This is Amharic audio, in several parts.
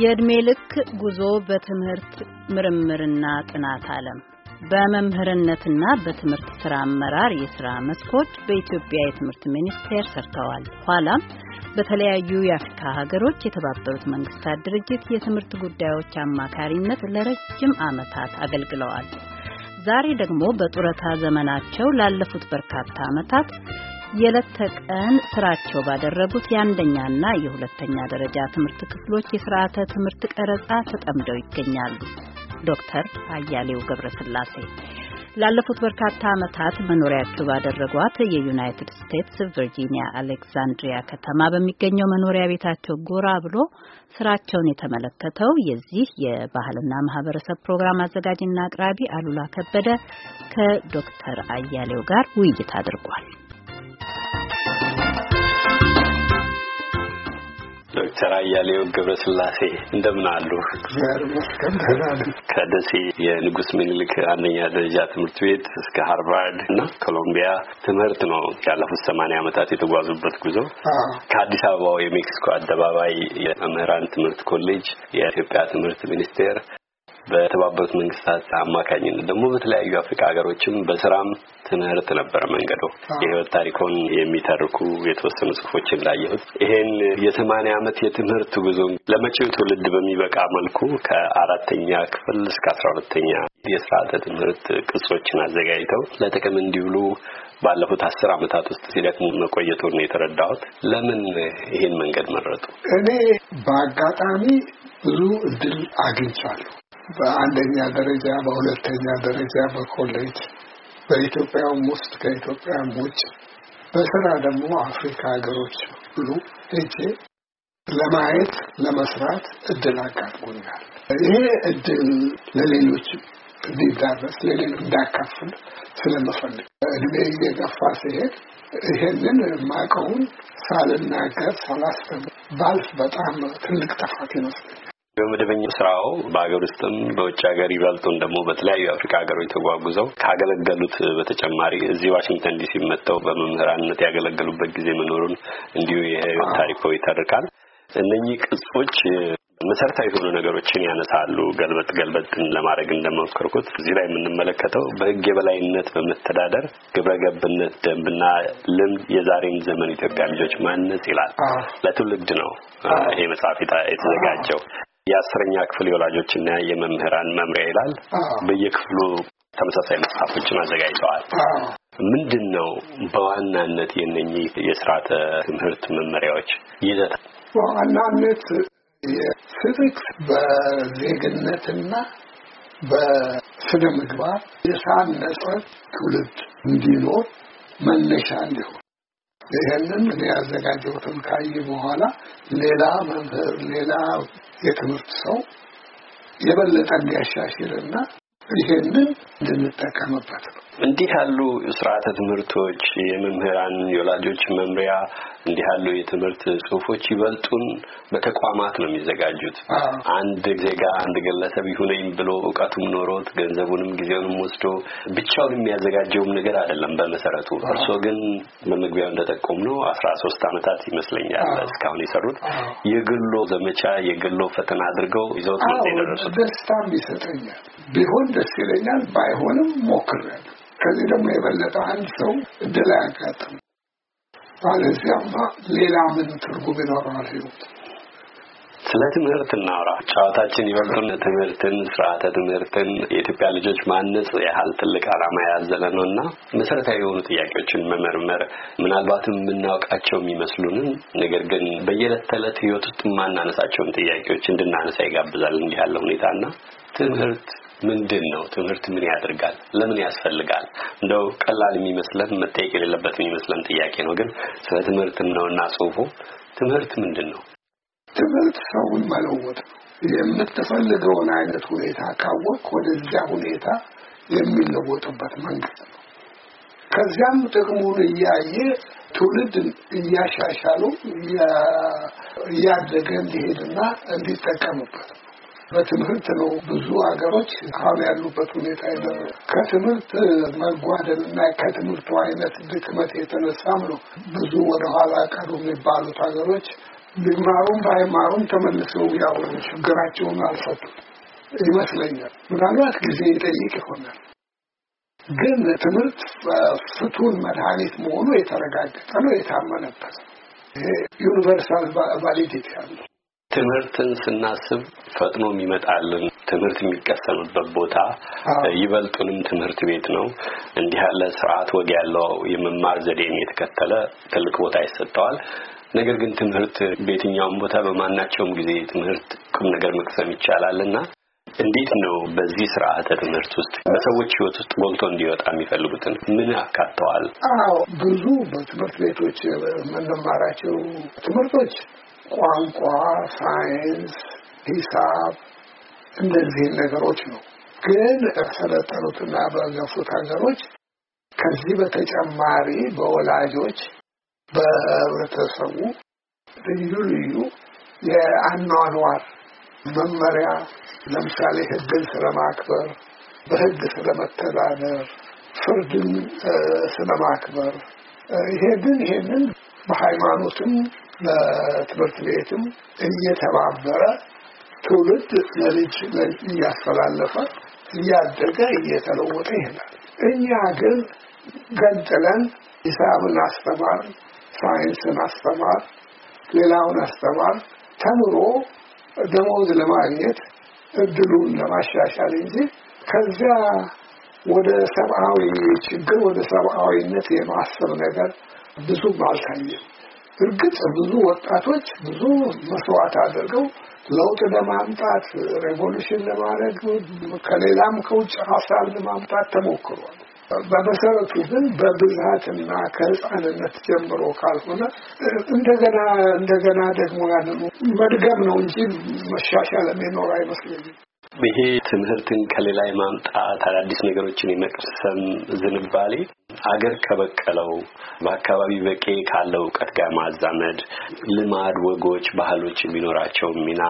የእድሜ ልክ ጉዞ በትምህርት ምርምርና ጥናት ዓለም በመምህርነትና በትምህርት ስራ አመራር የስራ መስኮች በኢትዮጵያ የትምህርት ሚኒስቴር ሰርተዋል። ኋላም በተለያዩ የአፍሪካ ሀገሮች የተባበሩት መንግስታት ድርጅት የትምህርት ጉዳዮች አማካሪነት ለረጅም ዓመታት አገልግለዋል። ዛሬ ደግሞ በጡረታ ዘመናቸው ላለፉት በርካታ ዓመታት የዕለት ተቀን ስራቸው ባደረጉት የአንደኛና የሁለተኛ ደረጃ ትምህርት ክፍሎች የስርዓተ ትምህርት ቀረጻ ተጠምደው ይገኛሉ። ዶክተር አያሌው ገብረስላሴ ላለፉት በርካታ ዓመታት መኖሪያቸው ባደረጓት የዩናይትድ ስቴትስ ቨርጂኒያ አሌክዛንድሪያ ከተማ በሚገኘው መኖሪያ ቤታቸው ጎራ ብሎ ስራቸውን የተመለከተው የዚህ የባህልና ማህበረሰብ ፕሮግራም አዘጋጅና አቅራቢ አሉላ ከበደ ከዶክተር አያሌው ጋር ውይይት አድርጓል። ዶክተር አያሌው ገብረስላሴ እንደምን አሉ? ከደሴ የንጉስ ምኒልክ አንደኛ ደረጃ ትምህርት ቤት እስከ ሃርቫርድ እና ኮሎምቢያ ትምህርት ነው ያለፉት ሰማንያ ዓመታት የተጓዙበት ጉዞ። ከአዲስ አበባው የሜክሲኮ አደባባይ የመምህራን ትምህርት ኮሌጅ የኢትዮጵያ ትምህርት ሚኒስቴር በተባበሩት መንግስታት አማካኝነት ደግሞ በተለያዩ አፍሪካ ሀገሮችም በስራም ትምህርት ነበረ መንገዶ የህይወት ታሪኮን የሚተርኩ የተወሰኑ ጽሁፎች እንዳየሁት ይሄን የሰማንያ ዓመት የትምህርት ጉዞ ለመጪው ትውልድ በሚበቃ መልኩ ከአራተኛ ክፍል እስከ አስራ ሁለተኛ የስርዓተ ትምህርት ቅጾችን አዘጋጅተው ለጥቅም እንዲውሉ ባለፉት አስር ዓመታት ውስጥ ሲደክሙ መቆየቱን የተረዳሁት። ለምን ይሄን መንገድ መረጡ? እኔ በአጋጣሚ ብዙ እድል አግኝቻለሁ። በአንደኛ ደረጃ፣ በሁለተኛ ደረጃ በኮሌጅ በኢትዮጵያም ውስጥ ከኢትዮጵያም ውጭ በስራ ደግሞ አፍሪካ ሀገሮች ሁሉ ሄጄ ለማየት ለመስራት እድል አጋጥሞኛል። ይሄ እድል ለሌሎች እንዲዳረስ ለሌሎች እንዳካፍል ስለምፈልግ እድሜ እየገፋ ሲሄድ ይሄንን የማውቀውን ሳልናገር ሳላስተምር ባልፍ በጣም ትልቅ ጥፋት ይመስለኛል። በመደበኛ ስራው በሀገር ውስጥም በውጭ ሀገር ይበልጡን ደግሞ በተለያዩ የአፍሪካ ሀገሮች ተጓጉዘው ካገለገሉት በተጨማሪ እዚህ ዋሽንግተን ዲሲ መጥተው በመምህራንነት ያገለገሉበት ጊዜ መኖሩን እንዲሁ የህይወት ታሪኮ ይተርካል። እነኚህ ቅጾች መሰረታዊ የሆኑ ነገሮችን ያነሳሉ። ገልበጥ ገልበጥን ለማድረግ እንደሞከርኩት እዚህ ላይ የምንመለከተው በህግ የበላይነት በመተዳደር ግብረ ገብነት ደንብና ልምድ የዛሬን ዘመን ኢትዮጵያ ልጆች ማነጽ ይላል። ለትውልድ ነው ይሄ መጽሐፍ የተዘጋጀው። የአስረኛ ክፍል የወላጆችና የመምህራን መምሪያ ይላል። በየክፍሉ ተመሳሳይ መጽሐፎችን አዘጋጅተዋል። ምንድን ነው በዋናነት የእነኚህ የስርዓተ ትምህርት መመሪያዎች ይዘት? በዋናነት የፊዚክስ በዜግነትና በስነ ምግባር የሳነጸ ትውልድ እንዲኖር መነሻ እንዲሆን ይህንን እኔ ያዘጋጀሁትን ካየ በኋላ ሌላ መምህር፣ ሌላ የትምህርት ሰው የበለጠ እንዲያሻሽልና ይሄንን እንድንጠቀምበት ነው። እንዲህ ያሉ ስርዓተ ትምህርቶች የመምህራን የወላጆች መምሪያ እንዲህ ያሉ የትምህርት ጽሁፎች ይበልጡን በተቋማት ነው የሚዘጋጁት። አንድ ዜጋ አንድ ግለሰብ ይሁነኝ ብሎ እውቀቱም ኖሮት ገንዘቡንም ጊዜውንም ወስዶ ብቻውን የሚያዘጋጀውም ነገር አይደለም። በመሰረቱ እርስዎ ግን በመግቢያው እንደጠቆም ነው አስራ ሶስት አመታት ይመስለኛል እስካሁን የሰሩት የግሎ ዘመቻ የግሎ ፈተና አድርገው ይዘውት ነው ደስታም ይሰጠኛል፣ ቢሆን ደስ ይለኛል፣ ባይሆንም ሞክር ከዚህ ደግሞ የበለጠ አንድ ሰው እድል አያጋጥም። አለዚያማ ሌላ ምን ትርጉም ይኖረዋል ህይወት? ስለ ትምህርት እናውራ። ጨዋታችን ይበልጡን ትምህርትን፣ ስርዓተ ትምህርትን የኢትዮጵያ ልጆች ማነጽ ያህል ትልቅ ዓላማ ያዘለ ነው እና መሰረታዊ የሆኑ ጥያቄዎችን መመርመር ምናልባትም የምናውቃቸው የሚመስሉንን ነገር ግን በየዕለት ተዕለት ህይወት ውስጥ የማናነሳቸውን ጥያቄዎች እንድናነሳ ይጋብዛል። እንዲህ ያለ ሁኔታ ሁኔታና ትምህርት ምንድን ነው ትምህርት ምን ያደርጋል? ለምን ያስፈልጋል? እንደው ቀላል የሚመስለን መጠየቅ የሌለበት የሚመስለን ጥያቄ ነው፣ ግን ስለ ትምህርትም እና ጽሁፉ ትምህርት ምንድን ነው? ትምህርት ሰውን መለወጥ የምትፈልገውን አይነት ሁኔታ ካወቅ ወደዚያ ሁኔታ የሚለወጥበት መንገድ ነው። ከዚያም ጥቅሙን እያየ ትውልድን እያሻሻሉ እያደገ እንዲሄድና እንዲጠቀምበት በትምህርት ነው ብዙ ሀገሮች አሁን ያሉበት ሁኔታ የደረሰ ከትምህርት መጓደል እና ከትምህርቱ አይነት ድክመት የተነሳም ነው ብዙ ወደኋላ ቀሩ የሚባሉት ሀገሮች ቢማሩም ባይማሩም ተመልሰው ያው ችግራቸውን አልፈቱም ይመስለኛል። ምናልባት ጊዜ ይጠይቅ ይሆናል። ግን ትምህርት ፍቱን መድኃኒት መሆኑ የተረጋገጠ ነው፣ የታመነበት ይሄ ዩኒቨርሳል ቫሊዲቲ ያለው ትምህርትን ስናስብ ፈጥኖ የሚመጣልን ትምህርት የሚቀሰምበት ቦታ ይበልጡንም ትምህርት ቤት ነው። እንዲህ ያለ ስርዓት ወግ ያለው የመማር ዘዴን የተከተለ ትልቅ ቦታ ይሰጠዋል። ነገር ግን ትምህርት በየትኛውም ቦታ በማናቸውም ጊዜ ትምህርት ቁም ነገር መቅሰም ይቻላል እና እንዴት ነው በዚህ ስርዓተ ትምህርት ውስጥ በሰዎች ህይወት ውስጥ ጎልቶ እንዲወጣ የሚፈልጉትን ምን ያካተዋል? አዎ ብዙ በትምህርት ቤቶች የምንማራቸው ትምህርቶች ቋንቋ፣ ሳይንስ፣ ሂሳብ እነዚህን ነገሮች ነው። ግን በሰለጠኑትና በገፉት ሀገሮች ከዚህ በተጨማሪ በወላጆች በህብረተሰቡ ልዩ ልዩ የአኗኗር መመሪያ ለምሳሌ ህግን ስለማክበር፣ በህግ ስለመተዳደር፣ ፍርድን ስለማክበር ይሄ ግን ይሄንን በሃይማኖትም በትምህርት ቤትም እየተባበረ ትውልድ ለልጅ እያስተላለፈ እያደገ እየተለወጠ ይሄዳል። እኛ ግን ገንጥለን ሂሳብን አስተማር፣ ሳይንስን አስተማር፣ ሌላውን አስተማር ተምሮ ደሞዝ ለማግኘት እድሉን ለማሻሻል እንጂ ከዚያ ወደ ሰብአዊ ችግር ወደ ሰብአዊነት የማሰብ ነገር ብዙም አልታየም። እርግጥ ብዙ ወጣቶች ብዙ መስዋዕት አድርገው ለውጥ ለማምጣት ሬቮሉሽን ለማድረግ ከሌላም ከውጭ ሀሳብ ለማምጣት ተሞክሯል። በመሰረቱ ግን በብዛትና ከህፃንነት ጀምሮ ካልሆነ እንደገና እንደገና ደግሞ ያንኑ መድገም ነው እንጂ መሻሻል የሚኖር አይመስለኝም። ይሄ ትምህርትን ከሌላ የማምጣት አዳዲስ ነገሮችን የመቅሰም ዝንባሌ አገር ከበቀለው በአካባቢ በቄ ካለው እውቀት ጋር ማዛመድ ልማድ፣ ወጎች፣ ባህሎች የሚኖራቸው ሚና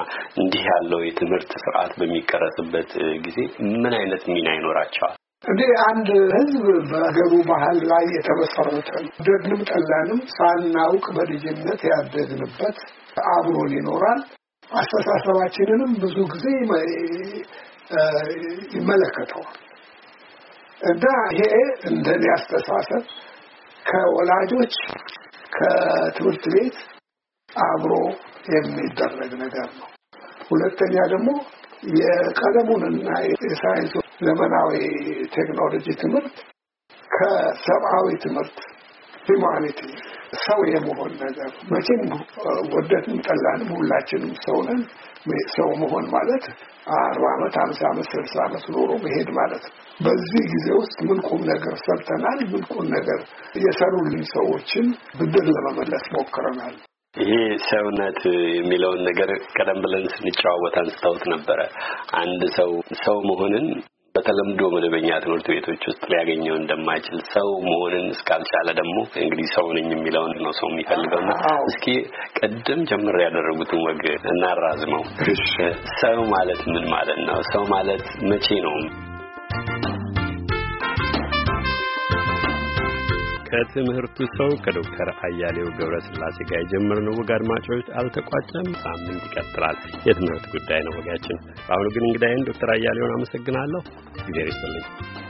እንዲህ ያለው የትምህርት ስርዓት በሚቀረጽበት ጊዜ ምን አይነት ሚና ይኖራቸዋል? እንግዲህ አንድ ህዝብ በሀገሩ ባህል ላይ የተመሰረተ ደግም ጠላንም ሳናውቅ በልጅነት ያደግንበት አብሮን ይኖራል። አስተሳሰባችንንም ብዙ ጊዜ ይመለከተዋል እና ይሄ እንደኔ አስተሳሰብ ከወላጆች ከትምህርት ቤት አብሮ የሚደረግ ነገር ነው። ሁለተኛ ደግሞ የቀለሙንና የሳይንሱ ዘመናዊ ቴክኖሎጂ ትምህርት ከሰብአዊ ትምህርት ሂማኒቲ ሰው የመሆን ነገር መቼም ወደድንም ጠላንም ሁላችንም ሰው ሰው መሆን ማለት አርባ ዓመት አምሳ ዓመት ስልሳ ዓመት ኖሮ መሄድ ማለት ነው። በዚህ ጊዜ ውስጥ ምን ቁም ነገር ሰብተናል? ምን ቁም ነገር የሰሩልን ሰዎችን ብድር ለመመለስ ሞክረናል? ይሄ ሰውነት የሚለውን ነገር ቀደም ብለን ስንጨዋወት አንስታውት ነበረ። አንድ ሰው ሰው መሆንን በተለምዶ መደበኛ ትምህርት ቤቶች ውስጥ ሊያገኘው እንደማይችል ሰው መሆንን እስካልቻለ ደግሞ እንግዲህ ሰው ነኝ የሚለውን ነው ሰው የሚፈልገው። እስኪ ቀደም ጀምር ያደረጉትን ወግ እናራዝመው። ሰው ማለት ምን ማለት ነው? ሰው ማለት መቼ ነው? ከትምህርቱ ሰው ከዶክተር አያሌው ገብረ ስላሴ ጋር የጀመርነው ወግ አድማጮች አልተቋጨም። ሳምንት ይቀጥላል። የትምህርት ጉዳይ ነው ወጋችን። በአሁኑ ግን እንግዳይን ዶክተር አያሌውን አመሰግናለሁ። ጊዜ ይስጥልኝ።